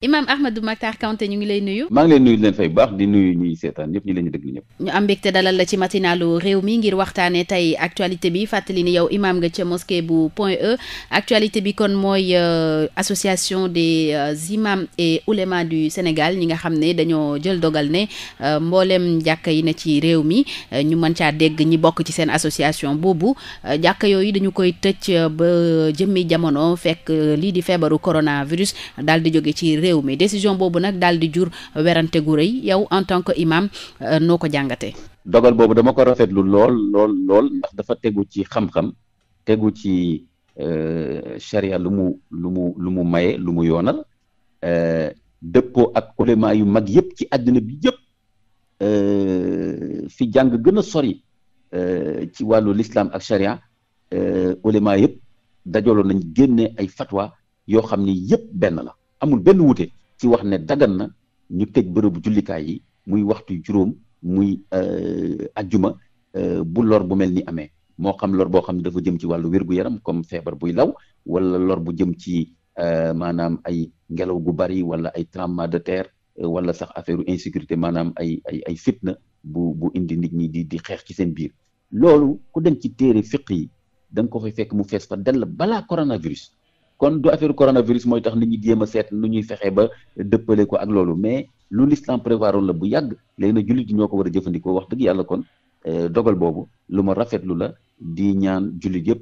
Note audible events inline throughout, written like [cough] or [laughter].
Imam Ahmadou Makhtar Kanté ñu ngi lay nuyu. maa ngi lay ñu déglu ñëpp. ñu am mbégte dalal la ci matinalu réew mi ngir waxtaanee tey actualité bi fàttali ni yow imam nga ca mosquée bu Point E actualité bi kon mooy euh, association des euh, imams et oulémas du Sénégal ñi nga xam ne dañoo jël dogal ne euh, mbooleem jàkka yi na ci réew mi ñu mën caa dégg ñi bokk ci seen association boobu jàkka yooyu dañu koy tëj ba jëmmi jamono fekk lii di feebaru coronavirus dal di jóge ci réew mi décision boobu nag daal di jur werante gu rëy yow en tant que imam euh, noo ko jàngatee. dogal boobu dama ko rafetlu lool lool lool ndax dafa tegu ci xam-xam tegu ci charia euh, lu mu lu mu lu mu maye lu mu yoonal euh, dëppoo ak ulama yu mag yëpp ci àddina bi yëpp fi jàng gën a sori ci wàllu l'islam ak charia ulama yëpp dajaloon nañ génne ay fatwa yoo xam ni yëpp benn la amul benn wuute ci wax ne daggan na ñu tëj bërëbu jullikaay yi muy waxtu juróom muy euh, ajjuma euh, bu lor bu mel ni amee moo xam lor boo xam ne dafa jëm ci wàllu wér-gu-yaram comme feebar buy law wala lor bu jëm ci euh, maanaam ay ngelaw gu bari wala ay tremblement de terre wala sax affaire insécurité maanaam ay ay ay fitna bu bu indi nit ñi di di xeex ci seen biir loolu ku dem ci téere fiq yi da nga ko fekk mu fees fa dell balaa coronavirus kon du affaire coronavirus mooy tax nit ñi jéem a seet nu ñuy fexe ba dëppale ko ak loolu mais lu l'islam prévoiroon la bu yàgg léegi nag jullit yi ñoo ko war a jëfandikoo wax dëgg yàlla kon euh, dogal boobu lu ma rafetlu la di ñaan jullit yëpp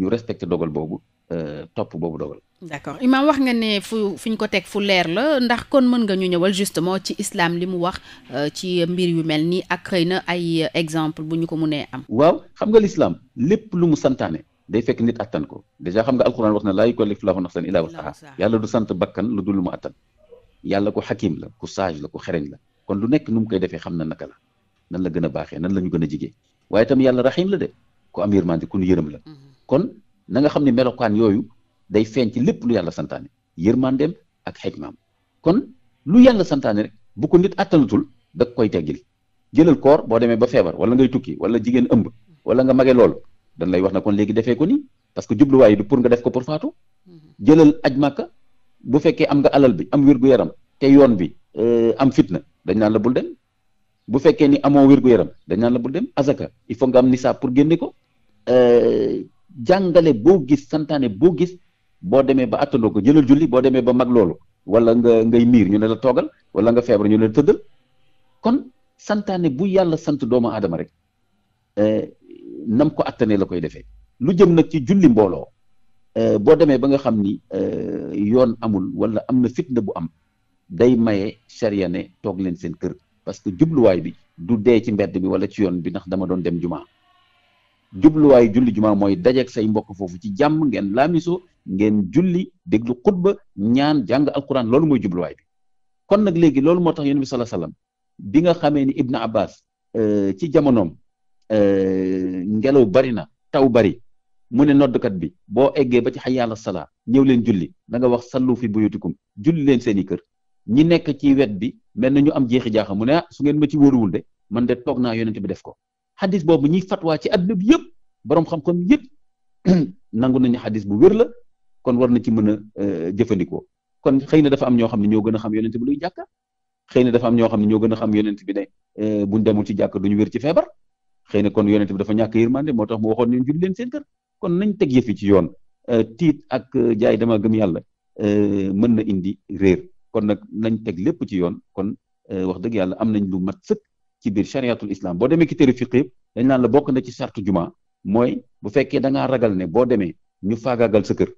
ñu respecté dogal boobu euh, topp boobu dogal. d'accord Imaam wax nga ne fu fi ñu ko teg fu leer la ndax kon mën nga ñu ñëwal justement ci islam li mu wax euh, ci mbir yu mel nii ak xëy na ay exemple bu ñu ko mënee am. waaw xam nga l'islam lépp lu mu santaane. day fekk nit attan ko dèjà xam nga alxuraan wax na laa yukallifu llaahu nafsan illaa wusahaa yàlla du sant bakkan lu dul mu attan yàlla ku xakim la ko sage la ku xereñ la kon lu nekk nu mu koy defee xam na naka la nan la gën a baaxee nan la ñu gën a jigee waaye itam yàlla raxiim la de ku am yërmande ku yërëm la mm-hmm. kon na nga xam ne melokaan yooyu day feeñ ci lépp lu yàlla santaane yërmandeem ak xikmaam kon lu yàlla santaane rek bu ko nit attanutul da koy teggil jëlal koor boo demee ba feebar wala ngay tukki wala jigéen ëmb wala nga mage loolu dañ lay wax na kon léegi defee ko ni parce que jubluwaay du pour nga def ko pour faatu mm-hmm. jëlal aj màkka bu fekkee am nga alal bi am wér-gu-yaram te yoon bi euh, am fitna dañ naan la bul dem bu fekkee ni amoo wér-gu-yaram dañ naan la bul dem azaka il faut nga am ni nisaab pour génne ko euh, jàngale boo gis santaane boo gis boo demee ba attandoo ko jëlal julli boo demee ba mag loolu wala nga ngay miir ñu ne la toogal wala nga feebar ñu ne la tëddal kon santaane bu yàlla sant doomu aadama rek euh, nam ko attanee la koy defee lu jëm nag ci julli mbooloo euh, boo demee ba nga xam ni euh, yoon amul wala am na fitna bu am day maye charia ne toog leen seen kër parce que jubluwaay bi du dee ci mbedd bi wala ci yoon bi ndax dama doon dem jumaa jubluwaay julli jumaa mooy dajeek say mbokk foofu ci jàmm ngeen laamiso ngeen julli déglu xutba ñaan jàng alquran loolu mooy jubluwaay bi kon nag léegi loolu moo tax yonent bi sallallahu alayhi wasallam bi nga xamee ni Ibn Abbas euh, ci jamonoom Eh, ngelaw bari na taw bari mu ne noddkat bi boo eggee ba ci xay yàlla salaa ñëw leen julli da nga wax sallu fi bu buyutikum julli leen seen i kër ñi nekk ci wet bi mel na ñu am jeexi jaaxa mu ne ah su ngeen ma ci wóoruwul de man de toog naa yonent bi def ko xadis boobu ñuy fatwaa ci àdduna bi yëpp boroom xam-xam yëpp [clears throat] nangu nañu xadis bu wér la kon war na ci mën a eh, jëfandikoo kon xëy na dafa am ñoo xam ne ñoo gën a xam yonent bi luy jàkka xëy na dafa ñoo xam ne ñoo gën a xam yonent bi ne eh, buñ demul ci jàkka duñu wér ci feebar xëy na kon yonent bi dafa ñàkk yërmande moo tax mu waxoon ñu jul leen seen kër kon nañ teg yëf ci yoon euh, tiit ak euh, jaay dama gëm yàlla euh, mën na indi réer kon nag nañ teg lépp ci yoon kon wax dëgg yàlla am nañ lu mat sëkk ci biir chariatul islam boo demee ki téere fiq yëpp dañ naan la bokk na ci sartu juma mooy bu fekkee da ragal ne boo demee ñu faagaagal sa kër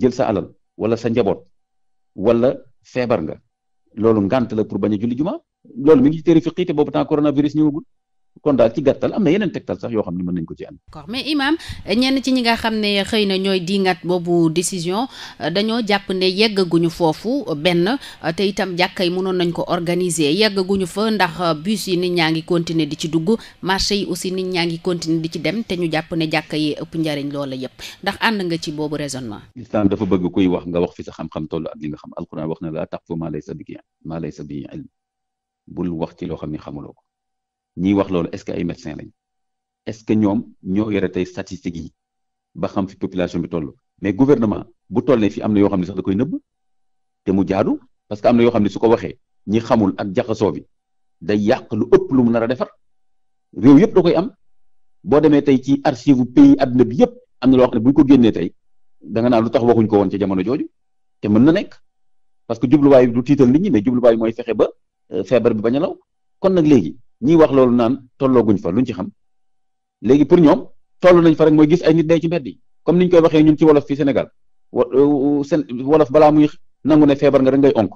jël sa alal wala sa njaboot wala feebar nga loolu ngant la pour bañ a julli juma loolu mi ngi ci téere fiq te boobu temps kon daal ci gàttal am na yeneen tegtal sax yoo xam ne mën nañ ko ci am. d'accord mais ñenn ci ñi nga xam ne xëy na ñooy diingat boobu décision dañoo jàpp ne yeggaguñu foofu benn te itam jàkka yi mënoon nañ ko organiser ñu fa ndax bus yi nit ñaa ngi continuer di ci dugg marché yi aussi nit ñaa ngi continuer di ci dem te ñu jàpp ne jàkka yi ëpp njariñ loola yépp ndax ànd nga ci boobu raisonnement. islam dafa bëgg koy wax nga wax fi sa xam-xam toll ak li nga xam alquran wax na laa taqfu maa laysa bika maa laysa bi wax ci loo xam ne xamuloo ko ñiy wax loolu est-ce que ay médecins lañ est-ce que ñoom ñoo yore tey statistiques yi ba xam fi population bi toll mais guvernement bu toll ne fii am na yoo xam ne sax da koy nëbb te mu jaadu parce que am na yoo xam ne su ko waxee ñi xamul ak jaxasoo bi day yàq lu ëpp lu mu nar a defar réew yëpp da koy am boo demee tey ci archive pays adduna bi yëpp am na loo wax ne buñ ko génnee tey da nga naan lu tax waxuñ ko woon ca jamono jooju te mën na nekk parce que jubluwaay du tiital nit ñi mais jubluwaay mooy fexe ba euh, feebar bi bañ a kon nag léegi ñiy wax loolu naan tollooguñ fa ñu ci xam léegi pour ñoom toll nañ fa rek mooy gis ay nit dee ci mbedd yi comme niñ koy waxee ñun ci wolof fii Sénégal euh, euh, wolof balaa muy nangu ne feebar nga rek ngay onk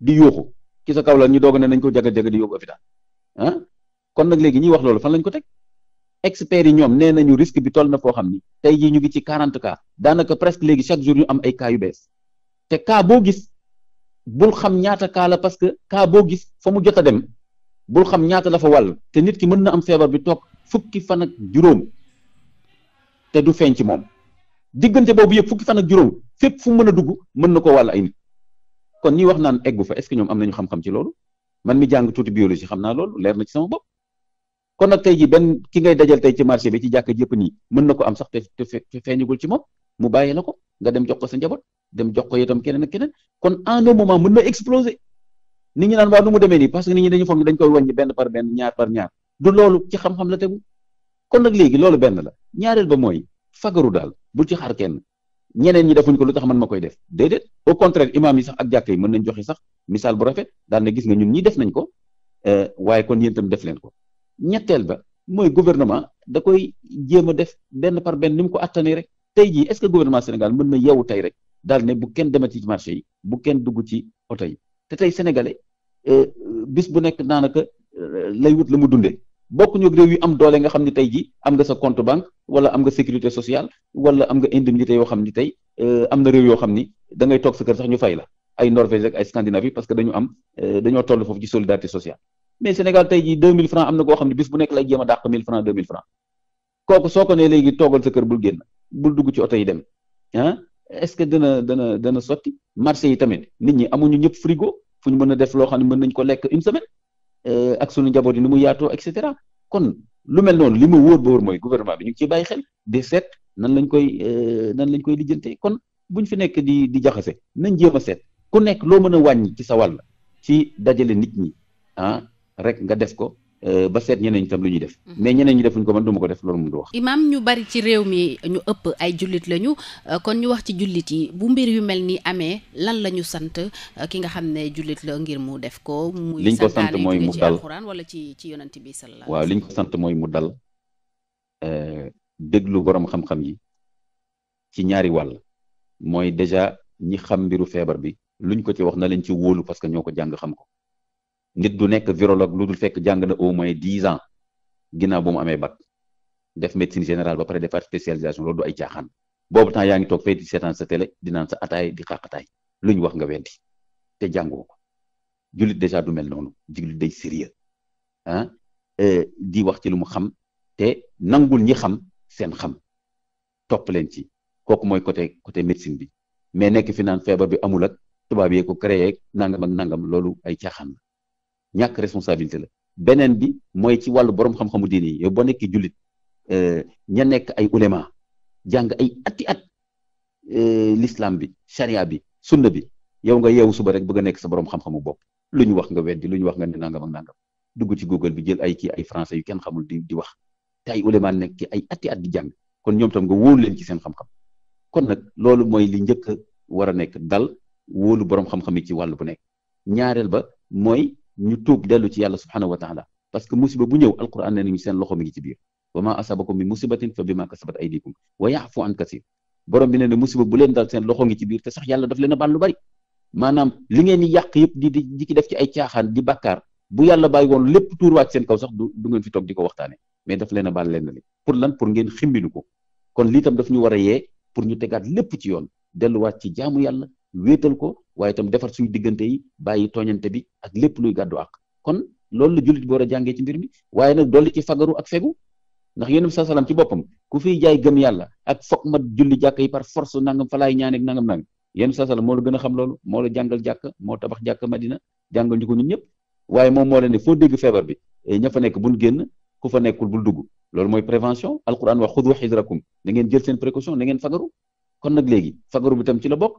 di yuuxu ci sa kaw la ñu doog ne nañ ko jaga jaga di yóbbu hôpital ah kon nag léegi ñiy wax loolu fan lañ ko teg experts yi ñoom nee nañu risque bi toll na foo xam ni tey jii ñu ngi ci quarante cas daanaka presque léegi chaque jour ñu am ay cas yu bees te kaa boo gis bul xam ñaata cas la parce que cas boo gis fa mu jot a dem bul xam ñaata la fa wàll te nit ki mën na am feebar bi toog fukki fan ak juróom te du feeñ ci moom diggante boobu yëpp fukki fan ak juróom fépp fu mën a dugg mën na ko wàll ay nit kon ñi wax naan eggu fa est-ce que ñoom am nañu xam-xam ci loolu man mi jàng tuuti biologie xam naa loolu leer na ci sama bopp kon nag tey jii benn ki ngay dajal tey ci marché bi ci jàkka jëpp ni mën na ko am sax te te feeñagul ci moom mu bàyyi la ko nga dem jox ko sa njaboot dem jox ko itam keneen ak keneen nit ñi naan waaw nu mu demee nii parce que nit ñi dañu foog dañ koy wàññi benn par benn ñaar par ñaar du loolu ci xam-xam la tegu kon nag léegi loolu benn la ñaareel ba mooy fagaru daal bul ci xar kenn ñeneen ñi defuñ ko lu tax man ma koy def déedéet au contraire imaam yi sax ak jàkka mën nañ joxe sax misaal bu rafet daan na gis nga ñun ñi def nañ ko euh, waaye kon yéen itam def leen ko ñetteel ba mooy gouvernement da koy jéem a def benn par benn ni mu ko attanee rek tey jii est-ce que gouvernement Sénégal mën na yeewu tey rek daal ne bu kenn demati ci marché yi bu kenn dugg ci oto yi te tey sénégalais euh, bis bu nekk daanaka euh, lay wut la mu dundee bokk ñu réew yu am doole nga xam ne tey ji am nga sa compte banque wala am nga sécurité sociale wala am nga indemnité yoo xam ni tey euh, am na réew yoo xam ni da ngay toog sa kër sax ñu fay la ay Norvège ak ay Scandinavie parce que dañu am dañoo toll foofu ci solidarité sociale mais Sénégal tey jii 2000 francs am na koo xam ne bis bu nekk lay jéem a dàq 1000 francs 2000 francs kooku soo ko nee léegi toogal sa kër bul génn bul dugg ci oto dem ah est-ce que dana dana dana sotti marché yi tamit nit ñi amuñu ñëpp frigo fu ñu mën a def loo xam ne mën nañ ko lekk une semaine euh, ak sunu njaboot yi nu mu yaatoo et cetera kon lu mel noonu li ma wóor ba wóor mooy gouvernement bi ñu ci ciy bàyyi xel di seet nan lañ koy euh, nan lañ koy lijjante kon bu buñ fi nekk di di jaxase nañ jéem a seet ku nekk loo mën a wàññi ci sa wàll ci dajale nit ñi ah rek nga def ko Euh, ba seet ñeneen itam lu ñuy def. Mhm. mais ñeneen ñi defuñ ko man du ma ko def loolu moom du wax. imam ñu bari ci réew mi ñu ëpp ay jullit lañu euh, kon ñu wax ci jullit yi bu mbir yu mel ni amee lan la ñu sant euh, ki nga xam ne jullit la ngir mu def ko. liñ ko sant mooy mu dal wala ci ci yonent bi sallallahu waaw liñ ko sant mooy mu dal déglu borom xam-xam yi ci ñaari wàll mooy déjà ñi xam mbiru feebar bi luñ ko ci wax na leen ci wóolu parce que ñoo ko jàng xam ko. nit du nekk virologue lu dul fekk jàng na au moins dix ans ginnaaw bu mu amee bag def médecine générale ba pare defar spécialisation loolu du ay caaxaan boobu temps yaa ngi toog fay di seetaan sa télé di naan sa ataay di xaqataay lu ñu wax nga weddi te jàngoo ko jullit dèjà du mel noonu jullit day sérieux ah di wax ci lu mu xam te nangul ñi xam seen xam topp leen ci kooku mooy côté côté médecine bi mais nekk fi naan feebar bi amul ak tubaab yee ko créé nangam ak nangam loolu ay caaxaan ñàkk responsabilité la beneen bi mooy ci wàllu borom xam-xamu diine yi yow nekki nekkee jullit euh, ña nekk ay ulema jàng ay ati at euh, l'islam bi charia bi sunna bi yow nga yeewu suba rek bëgg nekk sa borom xam-xamu bopp lu ñu wax nga weddi lu ñu wax nga ne nangam ak nangam dugg ci google bi jël ay kii ay français yu kenn xamul di di wax te ay ulema nekk ay ati at di jàng kon ñoom tam nga wóolu leen ci seen xam-xam kon nag loolu mooy li njëkk a war a nekk dal wóolu borom xam yi ci wàll bu nekk ñaareel ba mooy. ñu tuub dellu ci yàlla subhanahu wa taala parce que musiba bu ñëw alquran nee nañu seen loxo mi ci biir wa ma asabakum min musibatin fa bima kasabat aydikum wa yaafu an kasir borom bi nee na musiba bu leen dal seen loxo ngi ci biir te sax yàlla daf leen baal lu bari maanaam li ngeen yàq yëpp di di di ki def ci ay caaxaan di bàkkaar bu yàlla bàyyi woon lépp tuurwaat seen kaw sax du du ngeen fi toog di ko waxtaane mais daf leen a baal leen li pour lan pour ngeen ximbinu ko kon lii tam a yee pour ñu tegaat ci yoon delluwaat ci jaamu yàlla wéetal ko waaye tam defar suñu diggante yi bàyyi tooñante bi ak lépp luy gàddu ak kon loolu la jullit bi war a jàngee ci mbir mi waaye nag dolli ci fagaru ak fegu ndax yéen sa salaam ci boppam ku fiy jaay gëm yàlla ak foog ma julli jàkk yi par force nangam falaay laay nangam nangam yéen sa salaam moo la gën a xam loolu moo la jàngal jàkk moo tabax jàkk Madina jàngal ñu ko ñun ñëpp waaye moom moo leen ne foo dégg feebar bi eh, ña fa nekk bul génn ku fa nekkul bul dugg loolu mooy prévention alquran wax xudu xidrakum na ngeen jël seen précaution na ngeen fagaru kon nag léegi fagaru bi tam ci la bokk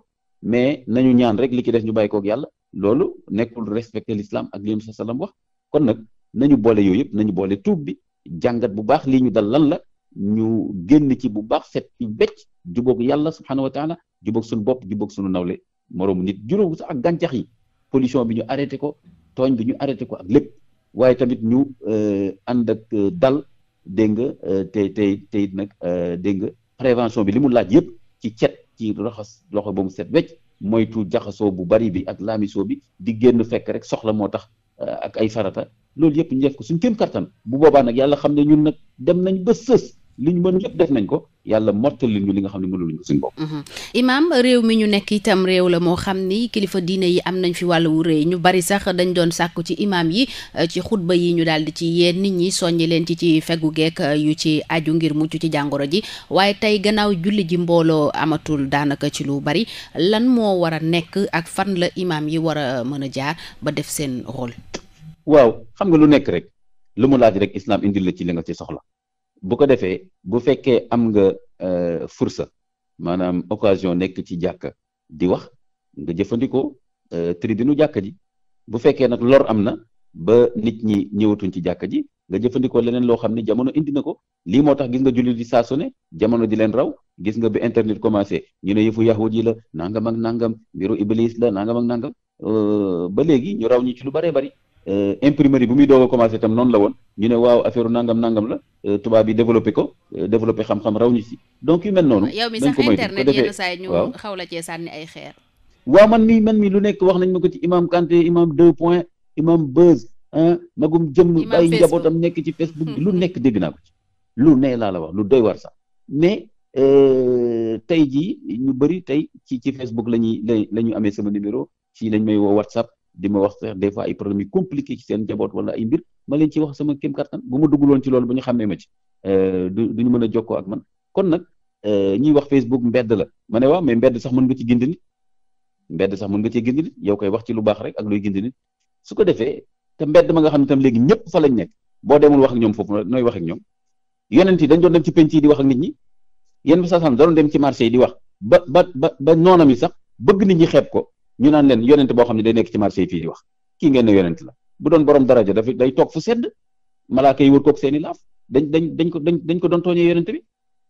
mais nañu ñaan rek li ci def ñu bàyyi koog yàlla loolu nekkul respecter l'islam ak li sa bi sallam wax kon nag nañu boole yooyu yëpp nañu boole tuub bi jàngat bu baax lii ñu dal lan la ñu génn ci bu baax set ci becc jubóog yàlla subhanahu wa taala jubóog suñu bopp jubóog suñu nawle moroomu nit juróom sax ak gàncax yi polition bi ñu arrêté ko tooñ bi ñu arrêté ko ak lépp waaye tamit ñu euh, ànd ak euh, dal dégg nga euh, tey tey tey nag dégg nga prévention bi li mu laaj yëpp ci cet ci raxas loxo ba mu set wecc moytu jaxasoo bu bari bi ak laamisoo bi di génn fekk rek soxla moo tax euh, ak ay farata loolu yëpp ñu def ko suñ kéem kattan bu boobaa nag yàlla xam ne ñun nag dem nañ ba sës li ñu mën yëpp def nañ ko yàlla mottali ñu li nga xam ne mënul ñu ko suñu bopp. Mhm. imaam réew mi ñu nekk itam réew la moo xam ni kilifa diine yi am nañ fi wàll wu rëy ñu bari sax dañ doon sàkku ci imaam yi euh, ci xutba yi ñu daal di ci yee nit ñi soññi leen ci ci fegu geek euh, yu ci aju ngir mucc ci jàngoro ji waaye tey gannaaw julli ji mbooloo amatul daanaka ci lu bari lan moo war a nekk ak fan la imaam yi war a mën a jaar ba def seen rôle. waaw xam nga lu nekk rek lu mu laaj rek islam indil ci li nga ci soxla. bu ko defee bu fekkee am nga euh, fursa maanaam occasion nekk ci jàkka di wax nga jëfandikoo euh, nu jàkka ji bu fekkee nag lor am na ba nit ñi ñëwatuñ ci jàkka ji nga jëfandikoo leneen loo xam ne jamono indi na ko lii moo tax gis nga julli di saa su ne jamono di leen raw gis nga bi internet commencé ñu ne yëfu yahud yi la nangam ak nangam mbiru iblis la nangam ak nangam euh, ba léegi ñu raw ñi ci lu bëree bëri imprimerie bi muy doog a commencé itam noonu la woon ñu ne waaw nangam nangam la Euh, tubaab yi développé ko euh, développé xam-xam raw ñu si donc yu mel noonu. yow mi sax internet yenn saa ñu xaw la cee sànni ay xeer. waaw man mii man mii lu nekk wax nañ ma ko ci imam Kanté imam deux point imam Buzz ah magum jëmm ay njabootam nekk ci Facebook bi lu hmm, hmm. nekk dégg naa ko ci. lu ne laa la wax lu doy war sax mais euh, tey ji ñu bëri tey ci ci Facebook la ñuy la ñu amee sama numéro fii lañ may woo WhatsApp di ma wax sax des fois ay problèmes yu compliqué ci seen njaboot wala ay mbir ma leen ci wax sama kéem kattan bu ma dugguloon ci loolu ba ñu xamee ma ci euh, du duñu mën a jokkoo ak man kon nag euh, ñuy wax Facebook mbedd la ma ne waaw mais mbedd sax man nga ci gindi nit mbedd sax mën nga cee gindi nit yow koy wax ci lu baax rek ak luy gindi nit su ko defee te mbedd ma nga xam ne tam léegi ñëpp fa lañ nekk boo demul wax ak ñoom foofu nooy wax ak ñoom yonent yi dañ doon dem ci penc yi di wax ak ñi yéen bi sasan da dem ci marché yi di wax ba ba ba ba noonam yi sax bëgg nit ñi xeeb ko ñu naan leen yonent boo xam ne day nekk ci marché yi fii di wax kii ngeen ne yonent la bu doon borom daraja dafa day toog fu sedd malaaka yi wër koog laaf dañ dañ dañ ko dañ dañ ko doon tooñee yonent bi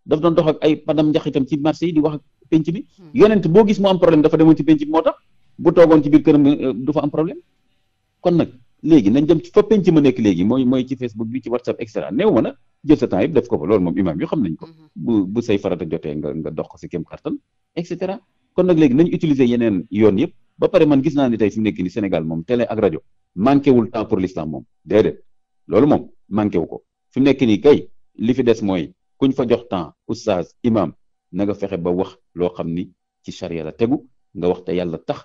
daf doon dox ak ay padam njaxitam ci marché yi di wax ak penc bi hmm. yonent boo gis mu am problème dafa demoon ci penc bi moo tax bu toogoon ci biir këram euh, du fa am problème kon nag léegi nañ dem ci fa penc ma nekk léegi mooy mooy ci Facebook bi ci WhatsApp et cetera néew ma ko fa loolu moom imaam yu xam nañ ko hmm. bu bu say farata jotee nga nga dox ko si kéem kattan et cetera kon nag léegi nañu utiliser yeneen yoon yëpp ba pare man gis naa ne tey fi mu nekk ni Sénégal moom télé ak rajo manqué wul temps pour l'islam moom déedéet loolu moom manqué wu ko fi mu nekk nii kay li fi des mooy kuñ fa jox temps oustaz imam na nga fexe ba wax loo xam ni ci charia la tegu nga wax te yàlla tax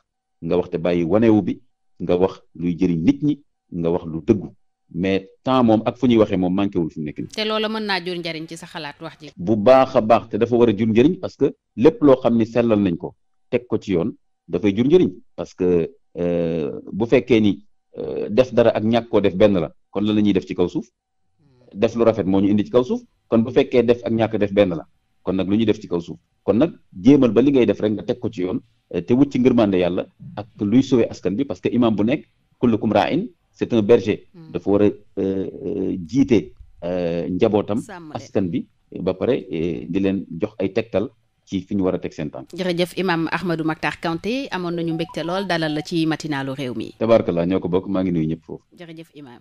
nga wax te bàyyi wanewu bi nga wax luy jëriñ nit ñi nga wax lu dëggu mais temps moom ak fu ñuy waxee moom manqué wul fi nekk nii. te loola mën naa jur njariñ ci sa xalaat wax ji. bu baax a baax te dafa war a jur njëriñ parce que lépp loo xam ni sellal nañ ko teg ko ci yoon dafay jur njëriñ parce que euh, bu fekkee ni euh, def dara ak ñàkk koo def benn la kon lan la ñuy def ci kaw suuf def lu rafet moo ñu indi ci kaw suuf bu fekkee def ak ñàkk def benn la kon nag lu ñuy def ci kaw suuf kon nag jéemal ba li ngay def rek nga teg ko ci yoon euh, te wut ci ngërmande yàlla ak luy sauver askan bi parce que imam bu nekk kullukum ra'in c'est un berger. Hmm. dafa war a euh, euh, jiite euh, njabootam. askan bi ba pare eh, di leen jox ay tegtal. ci fi ñu war a teg seen tànk. jërëjëf imam Ahmadou Mactar Kanté amoon nañu mbégte lool dalal la ci matinalu réew mi. tabaarkalla ñoo ko bokk maa ngi nuyu ñëpp foofu. jërëjëf imam.